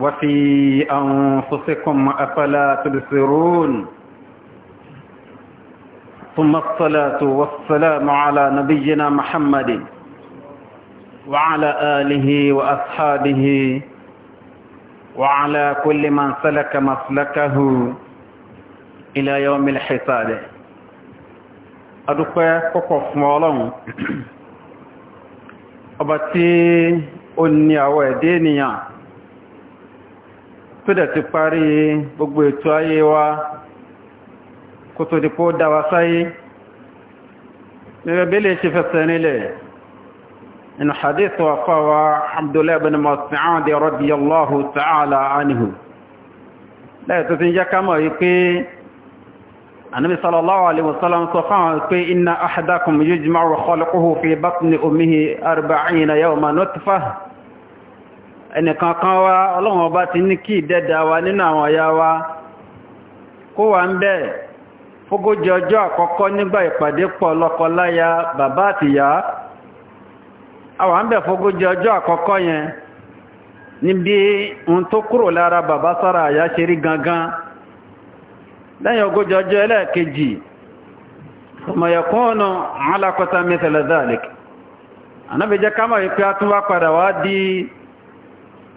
وفي أنفسكم أفلا تبصرون ثم الصلاة والسلام على نبينا محمد وعلى آله وأصحابه وعلى كل من سلك مسلكه إلى يوم الحساب adúpẹ́ kọ́kọ́ مولون أبتي أني tí tó dẹ̀ ti parí gbogbo ètò ayé wa kò tó dìpó dáwà sáyé gẹ́gẹ́ bí lè ṣe fẹsẹ̀ nílẹ̀ inú hadith wa fáwa abdullahi bin mas'ud radiyallahu ta'ala anhu lẹ́yìn tó ti jẹ́ kámọ̀ yí pé النبي صلى الله عليه وسلم صفى إن أحدكم يجمع خلقه في بطن أمه أربعين يوما نطفة ẹnìkan kan ọlọ́run ọba ti ní kí ìdẹ́dà wa nínú àwọn ọ̀yá wa kó wà ń bẹ̀ fógójì ọjọ́ àkọ́kọ́ nígbà ìpàdé pọ̀ lọ́kọ láyá bàbá àtìyá a wà ń bẹ̀ fógójì ọjọ́ àkọ́kọ́ yẹn níbi ohun tó kúrò lára bàbá sára àyá ṣe rí gangan lẹ́yìn ogójì ọjọ́ ẹlẹ́ẹ̀kejì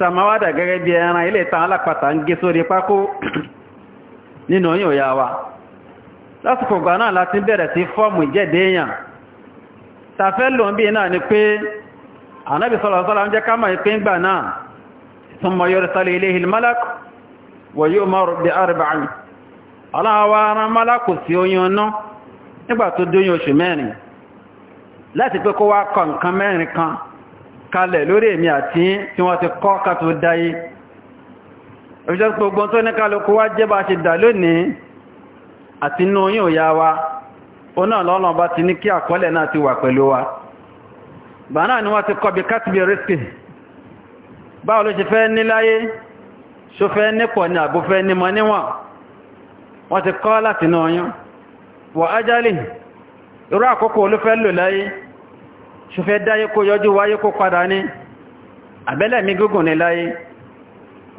samawada gẹ́gẹ́ bí ẹran ilé ìtàn alápàtà ń gé sórí pákó nínú yíò ya wa lásìkò gbà náà láti bẹ̀rẹ̀ sí fọ́ọ̀mù ìjẹ́dẹ̀ èèyàn tàfẹ́ lòun bí náà ni pé malak wa yu'maru bi arba'in aláwọ̀ ara malaku sí oyún ọ̀nà nígbà tó dóyún oṣù mẹ́rin kalẹ̀ lórí èmì àti tí wọ́n ti kọ́ ká tó dáyé òṣìṣẹ́ gbogbo tó ní kálukú wá jẹ́ bá ṣe dà lónìí àti inú yíò wa ó náà lọ́lọ́ bá ti ní kí àkọọ́lẹ̀ náà ti wà pẹ̀lú wa bà náà ni wọ́n ti kọ́ bí kátìbí rísì ti wọ ṣùfẹ́ dáyé kó yọjú wáyé kó padà ní àbẹ́lẹ̀ mi gúgùn ní láyé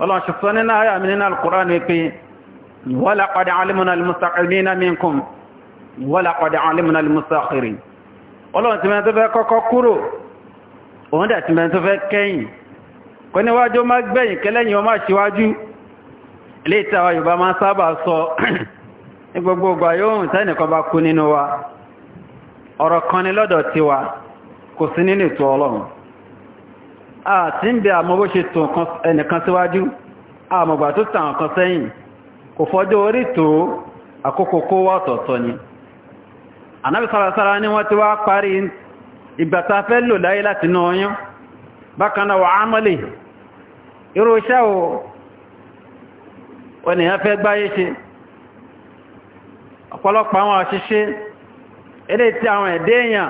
ọlọ́ṣùsọ́ nínú ayà mi nínú alkùrán ní pé wọ́lá padà alìmúnà alìmúsàkìrìnà minkum wọ́lá padà alìmúnà alìmúsàkìrì ọlọ́run ti mẹ́rin tó fẹ́ kọ́kọ́ kúrò òun dẹ̀ ti mẹ́rin tó fẹ́ kẹ́yìn kò níwájú má gbẹ̀yìn kẹlẹ́yìn ọmọ ọ̀rọ̀ kan ni lọ́dọ̀ tiwa kò sí nínú ètò ọlọ́run a ti ń bẹ àmọ́ bó ṣe tó ẹnìkan síwájú àmọ̀gbà tó tàn kan sẹ́yìn kò fọ́jọ́ orí tó àkókò kó wà ọ̀tọ̀ọ̀tọ̀ ni ànábì sárasára ní wọ́n ti wá parí ìgbàta fẹ́ lò láyé láti ná ọyán bákanáà wà ámọ́lè irú iṣẹ́ o ènìyàn fẹ́ gbáyé ṣe ọ̀pọ̀lọpọ̀ àwọn àṣìṣe eléyìí tí àwọn ẹ̀dẹ́ èèyàn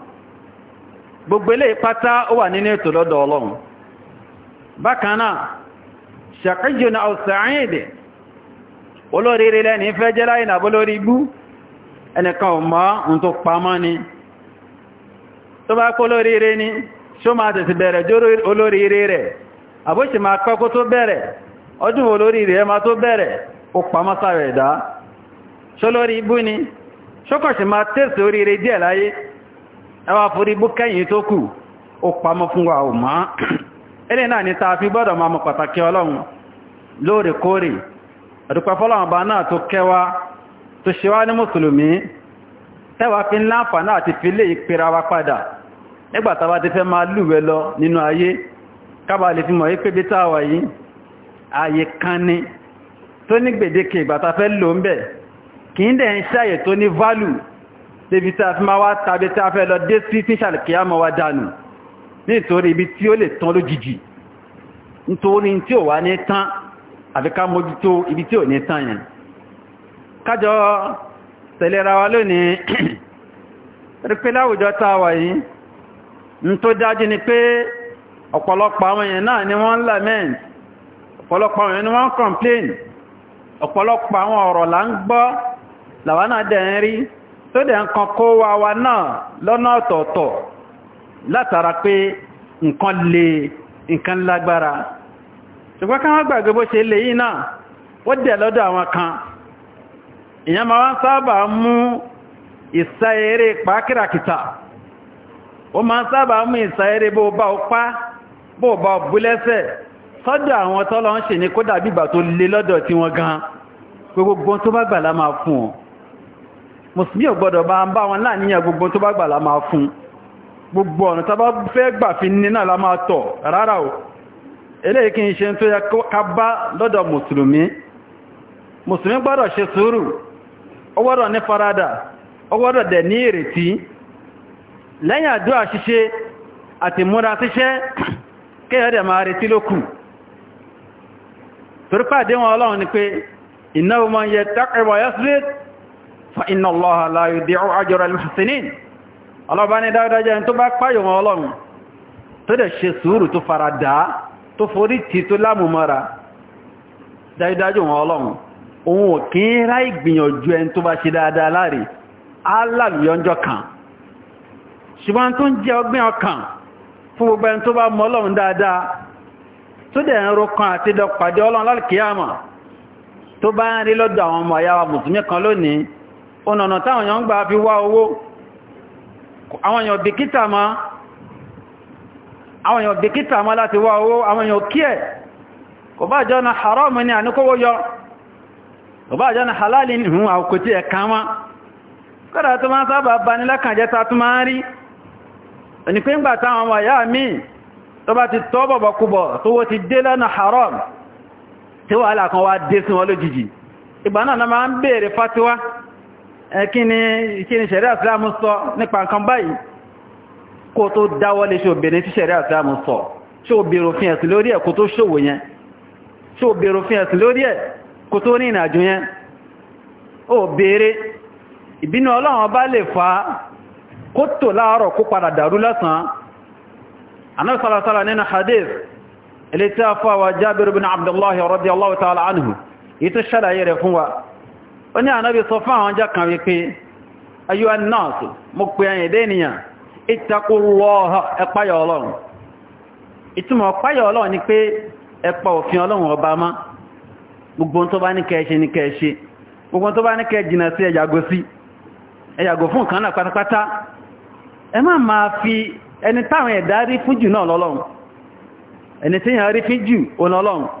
gbogbo ilé pátá ó wà nínú ètò lọ́dọ̀ ọlọ́run bákanáà ṣàkíjù na ọ̀sàn olóríire lẹ́ni fẹ́ jẹ́ láì nàbó lórí igbú ẹnìkan tó ni tó bá kó olóríire ni ṣó máa tẹ̀sì bẹ̀rẹ̀ jó olóríire rẹ̀ àbóṣì máa kọ́kó tó bẹ̀rẹ̀ ọdún olóríire ẹ máa tó bẹ̀rẹ̀ ó pamọ́ sára ẹ̀dá ṣó lórí igbú ni ṣókọ̀ṣì máa tẹ̀sì oríire díẹ̀ láyé ẹwà forí bú kẹ́yìn tó kù ó pamọ́ fún wa ò máa ilé náà ni tààfi gbọ́dọ̀ máa mọ̀ pàtàkì ọlọ́run lóòrèkóòrè àdúpẹ́ fọ́lọ́run bá náà tó kẹwa tó ṣe wá ní mùsùlùmí tẹ́wà fi ń láǹfà náà ti fi lè ìpera wa padà nígbàtàwà ti fẹ́ máa lúwẹ̀ lọ nínú ayé kábà lè fi mọ̀ yí débi tí a fi máa wá tàbí tí a fẹ́ lọ dé sí tí ṣàlùkìyà mọ́ wá dánù nítorí ibi tí ó lè tán lójijì nítorí tí ò wá ní tán àfi ká mójútó ibi tí ò ní tán yẹn kájọ tẹ̀lera wa lónìí rí láwùjọ tá yìí ń tó dájú ni pé ọ̀pọ̀lọpọ̀ àwọn èèyàn náà ni wọ́n lament ọ̀pọ̀lọpọ̀ àwọn èèyàn ni wọ́n complain ọ̀pọ̀lọpọ̀ àwọn ọ̀rọ̀ là ń gbọ́ làwọn náà dẹ̀ ń rí tó dẹ̀ nǹkan kó wa wa náà lọ́nà ọ̀tọ̀ọ̀tọ̀ látara pé nǹkan le nǹkan lágbára ṣùgbọ́n ká wọ́n gbàgbé bó ṣe lè yí náà wọ́n dẹ̀ lọ́dọ̀ àwọn kan ìyẹn ma wọ́n sábà mú pàákìràkìtà ma sábà mú bó bá bó bá sọ́dọ̀ àwọn tọ́lọ ń ṣe tó lọ́dọ̀ tí gbogbo tó bá gbà mùsùlùmí ò gbọ́dọ̀ ń bá wọn gbogbo tó bá gbà la máa fún gbogbo ọ̀nà tó bá fẹ́ gbà fi ní náà la máa tọ̀ rárá o n ṣe tó yẹ ká bá lọ́dọ̀ mùsùlùmí mùsùlùmí gbọ́dọ̀ ṣe sùúrù ó ní farada, ó dẹ̀ ní ìrètí lẹ́yìn àdúrà àti múra kéèyàn dẹ̀ máa fa inna Allaha la yudi'u ajra al-muhsinin ọlọ́bá ní dáadájá ẹni tó bá páyọ̀ wọn ọlọ́run tó dẹ̀ ṣe sùúrù tó fara dá tó forí tì tó lámùmọ́ra dáadájú wọn ọlọ́run òun ò kí ń rá ìgbìyànjú ẹni tó bá ṣe dáadáa láre alálùyọ́njọ́ kan ṣùgbọ́n tó ń jẹ́ ọgbẹ́ ọkàn fún gbogbo ẹni tó bá mọ ọlọ́run dáadáa ọ̀nà táwọn èèyàn ya gbà fi wá owó àwọn èèyàn ma àwọn èèyàn ma láti wá owó àwọn èèyàn kí ẹ̀ kò bá jọ na haram ní àníkówó yọ kò bá jọ na halali nìhun àkòtí ẹ̀ka ma kọ́dà tó máa sábà bá ní ta tó máa rí ẹnìkú ńgbà táwọn ọmọ ìyá mi tó bá ti tọ́ tó wó ti dé lọ́nà haram tí wà wá kíni kíni ṣẹ̀rí àtìlámù sọ nípa nǹkan báyìí kó tó dáwọ́lé ṣe obìnrin tí ṣẹ̀rí àtìlámù sọ ṣe obìnrin òfin ẹ̀sìn lórí ẹ̀ kó tó ṣòwò yẹn ṣe obìnrin òfin ẹ̀sìn lórí ẹ̀ kó tó ní ìrìnàjò yẹn ó béèrè ìbínú ọlọ́run bá lè fa kó tò láàárọ̀ kó padà dàrú onye ní sọ fún àwọn jákan wípé ayúwa náàtù mo pè ẹ̀yìn dẹ́niyàn ìtakùrùwọ́ ẹ̀páyà ọlọ́run ìtumọ̀ ọ̀páyà ọlọ́run ni pé ẹ̀pà òfin ọlọ́run ọba má gbogbo tó bá ní kẹ́ẹ̀ṣe ní kẹ́ẹ̀ṣe gbogbo tó bá ní kẹ́ẹ̀ jìnà sí ẹ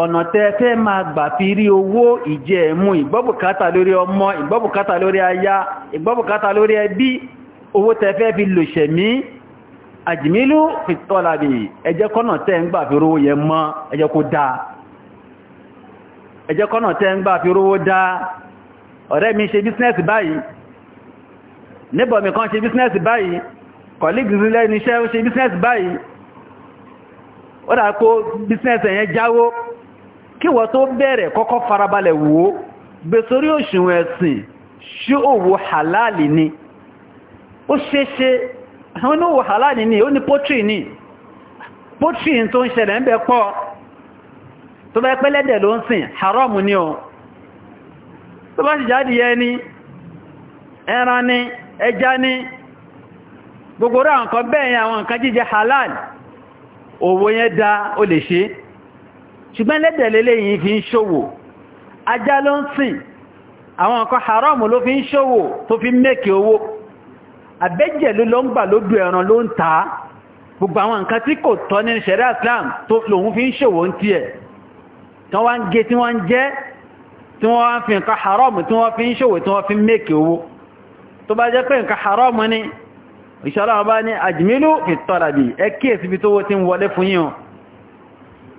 ọ̀nà tẹ́ẹ̀fẹ́ ma gbà fi rí owó ìjẹ́ ẹ̀mú ìgbọ́bùkátà lórí ọmọ ìgbọ́bùkátà lórí aya ìgbọ́bùkátà lórí ẹbí owó tẹ́ẹ̀fẹ́ fi lòṣẹ̀mí àjìmílú fi tọ́làbì ẹjẹ́ kọ́nà tẹ́ ń gbà fi rówó yẹ mọ́ ẹjẹ́ kó dáa ẹjẹ́ kọ́nà tẹ́ ń gbà fi rówó dáa ọ̀rẹ́ mi ṣe bísínẹ́sì báyìí níbọ̀ mi kan ṣe bísínẹ́sì kí wọ́n tó bẹ̀rẹ̀ kọ́kọ́ farabalẹ̀ wò gbèsórí òṣùwọ̀n ẹ̀sìn ṣí òwò halali ni ó ṣeéṣe àwọn ní òwò halali ni ó ní pọ́tírì ni pọ́tírì tó ń ṣẹlẹ̀ ń bẹ pọ̀ tó bá pẹ́ lẹ́dẹ̀ ló ń sìn haram ni o tó bá sì jáde yẹ ni ẹran ni ẹja ni gbogbo rẹ̀ àwọn nǹkan bẹ́ẹ̀ yẹn àwọn nǹkan jíjẹ halal òwò yẹn dá ó lè ṣe é ṣùgbọ́n ẹlẹ́dẹ̀ lélẹ́yìn fi ń ṣòwò ajá ló ń sìn àwọn nǹkan haramu ló fi ń ṣòwò tó fi mẹ́kì owó àbẹ́jẹ̀ ló lọ ń gbà lódò ẹran ló ń ta gbogbo àwọn nǹkan tí kò tọ́ ní ṣẹ̀rẹ́ Islam tó lòun fi ń ṣòwò ń tiẹ̀ tí wọ́n gé tí wọ́n ń tí wọ́n fi nǹkan haramu tí wọ́n fi ń ṣòwò tí wọ́n fi mẹ́kì owó tó bá jẹ́ pé nǹkan haramu ni ìṣọ́lá wọn bá ní àjìmílù ìtọ́làbì ẹ kíyèsí bí tó wó ti ń wọlé fún yín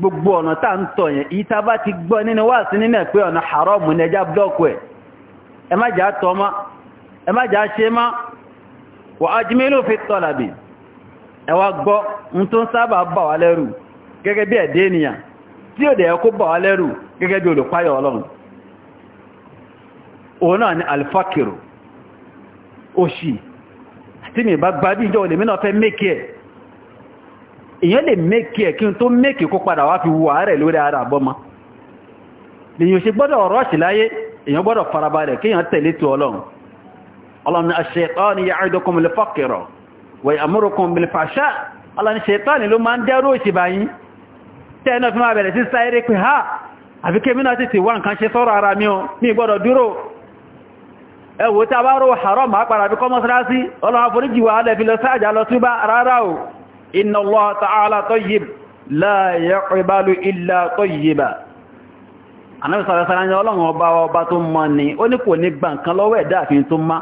gbogbo ọ̀nà tá ń tọ̀ yẹn ìta bá ti gbọ́ nínú wà sí nínú pé ọ̀nà haramu ní ẹjá blọ́ọ̀kù ẹ̀ ẹ má jà tọ́ ma. ẹ má jà ṣe ma. wà ajmilu fi talabi ẹ wá gbọ́ ń tó sábà bà wá lẹ́rù gẹ́gẹ́ bí ẹ̀dẹ́ ènìyàn tí ò dẹ̀ kó bà èyàn lè mẹ́kì ẹ̀ tó mẹ́kì kó padà wá fi wà rẹ̀ lórí ara àbọ́mọ́ lèyàn ṣe gbọ́dọ̀ rọ́ọ̀ṣì láyé èyàn gbọ́dọ̀ farabalẹ̀ kíyàn tẹ̀lé tí ọlọ́run ọlọ́run kí mínà títì wá nǹkan ṣe sọ́rọ̀ ara mi mi tí a bá rò haram àpàràbí kọ́mọ́sílásí ọlọ́run àforíjì wà á lẹ́fi lọ sáàjà lọ rárá inna Allah ta'ala tayyib la yaqbalu illa tayyiba anabi sallallahu alaihi wasallam Ọlọ́run ọba ọba tó mọ́ ni ó ní kò ní gbà nǹkan lọ́wọ́ ẹ̀dá àfin tó má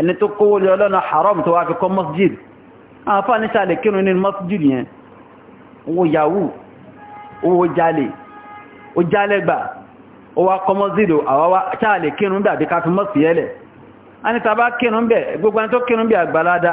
ẹni tó kówó lé ọlọ́nà haram tó wá fi kọ́ masjid àfáà ní sàlẹ̀ kírun ní masjid yẹn owó yahoo owó jalè ó jálẹ̀ gbà ó wá kọ́ masjid àwọ́wá sàlẹ̀ kírun bẹ̀ àbíká fi mọ́ sí ẹlẹ̀ a ní tàbá kírun gbogbo ẹni tó kírun bẹ̀ àgbàládá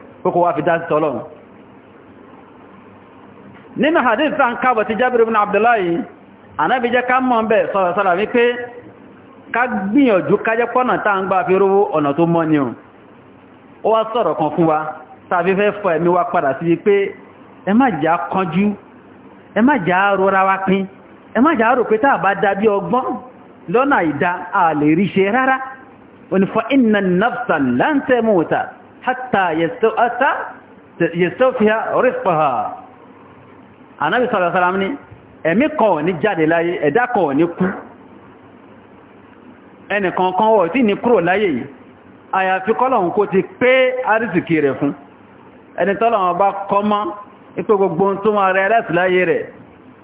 kókò wá fi dásítọ̀ ọlọ́run nínú hadith sáà ń kábọ̀ ti Jábìrì ibn Abdullahi anábi jẹ́ ká mọ́ bẹ̀ sọ̀rọ̀sọ̀rọ̀ wípé ká gbìyànjú kájẹ́ pọ́nà tá ń gbà fi rówó ọ̀nà tó mọ́ ni ó wá sọ̀rọ̀ kan fún wa tàbí fẹ́ fọ ẹ̀mí wa padà sí wípé ẹ má jà kánjú ẹ má jà rọra wa pín ẹ má jà rò pé tá bá dá bí ọgbọ́n lọ́nà ìdá a lè rí rárá onífọ́ inna nafsan lan hatta yẹ̀sọ́fíà rífàá anábi sọ̀rọ̀ sọ́rọ̀ ní ẹ̀mí kan ní jáde láyé ẹ̀dá kan ní kú ẹnìkankan wọ̀ tí ní kúrò láyé yìí àyàfi kọ́lọ̀hun kó ti pé àrísìkí rẹ̀ fún ẹni tọ́lọ̀hun bá kọ́mọ́ ipé gbogbo tó máa rẹ̀ láti láyé rẹ̀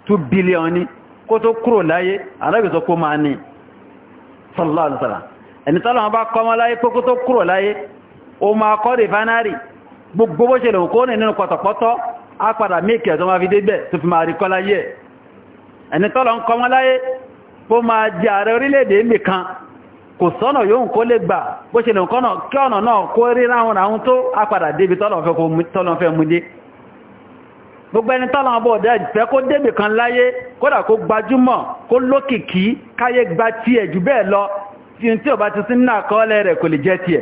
2 billion ní kó tó kúrò láyé anábi sọ kó máa ní sallallahu alaihi wasallam ẹni tọ́lọ̀hun bá kọ́mọ́ láyé pé kó tó kúrò láyé o máa kọ́ rìfánárì gbogbo bó ṣe lè kó ní nínú pọ̀tọ̀pọ̀tọ̀ á padà mẹ́kẹ̀ tó máa fi dégbẹ̀ tó fi máa rí kọ́ láyé ẹni tọ́lọ ń kọ́ wọn láyé bó máa jẹ ààrẹ orílẹ̀-èdè nìkan kò sọ́nà yóò kó lè gbà bó ṣe lè kọ́nà kí ọ̀nà náà kó rí ráhùn àwọn tó á padà débi tọ́lọ fẹ́ tí ò bá ti sí nínú àkọọ́lẹ̀ rẹ̀ kò lè jẹ́ tiẹ̀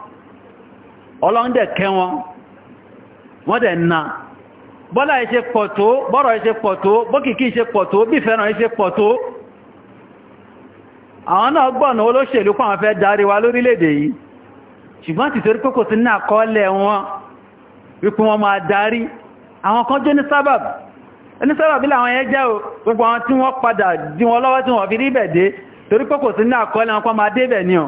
ọlọ́run dẹ̀ kẹ́ wọ́n dẹ̀ na bọ́lá ìṣe pọ̀ tó bọ́rọ̀ ìṣe pọ̀ tó bókìkí ìṣe pọ̀ tó bí fẹ́ràn ìṣe pọ̀ tó àwọn náà gbọ́nà olóṣèlú pàwọn fẹ́ darí wa lórílẹ̀-èdè yìí ṣùgbọ́n ti torí kókò tí ní àkọọ́lẹ̀ wọn wípé wọn máa darí àwọn kan jẹ́ ní sábàbù ní sábàbù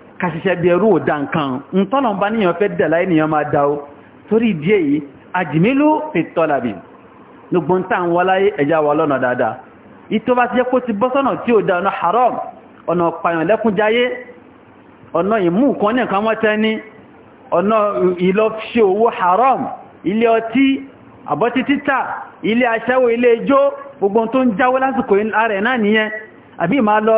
ka ṣiṣẹ́ bí ẹrú ni nǹkan ntọ́nà bá níyàn fẹ́ dẹ̀lá ènìyàn máa dá o torí ìdí èyí àjìmílú fi tọ́làbì gbogbo ń tàn wọ́lá ẹja wà lọ́nà dáadáa ìtò bá ti jẹ́ ti bọ́ sọ́nà tí ó dá ọ̀nà haram ọ̀nà pààyàn lẹ́kúnjáyé ọ̀nà ìmú nǹkan ní nǹkan mọ́tẹ́ haram ilé ọtí àbọ́tí títà ilé aṣẹ́wó ilé ijó gbogbo tó ń lásìkò ààrẹ náà nìyẹn àbí ìmá lọ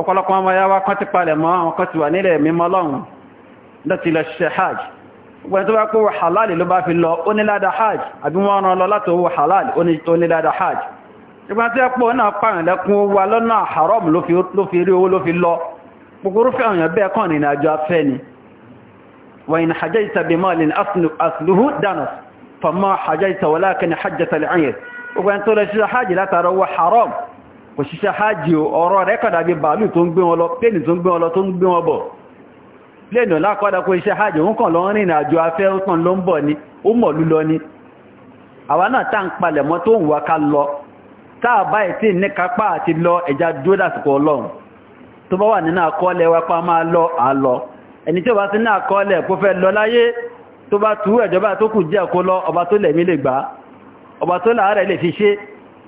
ọ̀pọ̀lọpọ̀ ọmọ ya wá kán ti palẹ̀ mọ́ àwọn kan ti wà nílẹ̀ mímọ́ lọ́run láti lọ ṣe hajj gbọ́n tó bá kó wà halal ló bá fi lọ ó ní ládá hajj àbí wọ́n rán lọ láti owó halal ó ní ládá hajj ìgbọ́n tí ẹpọ̀ náà pààrùn lẹ́kún wa lọ́nà haram ló fi rí owó ló fi lọ kòkòrò fẹ́ àwọn wà ní kò ṣiṣẹ́ hajji ọ̀rọ̀ rẹ̀ kọ̀dà bí bàálù tó ń gbé wọn lọ pléènì tó ń gbé wọn lọ tó ń gbé wọn bọ̀ pléènì lákọ́dà kò ṣiṣẹ́ hajji ń kàn lọ rìn àjò afẹ́ kan ló ń bọ̀ ni ó mọ̀lú lọ ni àwa náà tá ń palẹ̀ mọ́ tó ń wá ká lọ táà báyìí tí ní kápá àti lọ ẹja dúró dàsìkò ọlọ́run tó bá wà ọba tó lẹ̀mí lè fi ṣe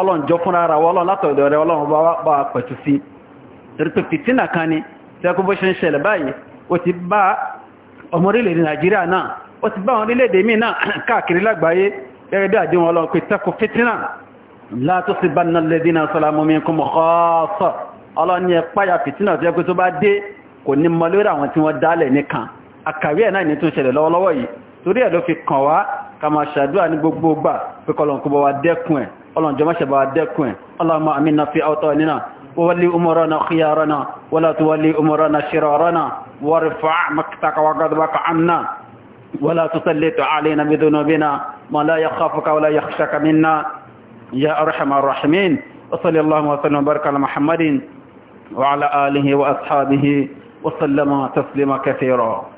ọlọ́run jọ fúnra ara wa ọlọ́run látọ̀dọ̀ rẹ ọlọ́run bá wà pẹ̀tù sí rẹ̀tọ̀ fìtínà kan ni tẹ́kù bó ṣe ń ṣẹlẹ̀ báyìí ó ti bá ọmọ orílẹ̀-èdè Nàìjíríà náà ó ti bá àwọn orílẹ̀-èdè míì náà káàkiri lágbàáyé gẹ́gẹ́ bí àdéhùn ọlọ́run pé tẹ́kù fìtínà la tusibanna alladhina salamu minkum khassa ọlọ́run ni ẹ páyà fìtínà tó yẹ pé tó bá dé kò الله jọmọ́ ṣẹ̀bà اللهم أمنا في أوطاننا وولي أمورنا خيارنا ولا تولي أمورنا شرارنا وارفع مكتك وغضبك عنا ولا تسلط علينا بذنوبنا ما لا يخافك ولا يخشك منا يا أرحم الراحمين وصلى الله وسلم وبارك على محمد وعلى آله وأصحابه وسلم تسليما كثيرا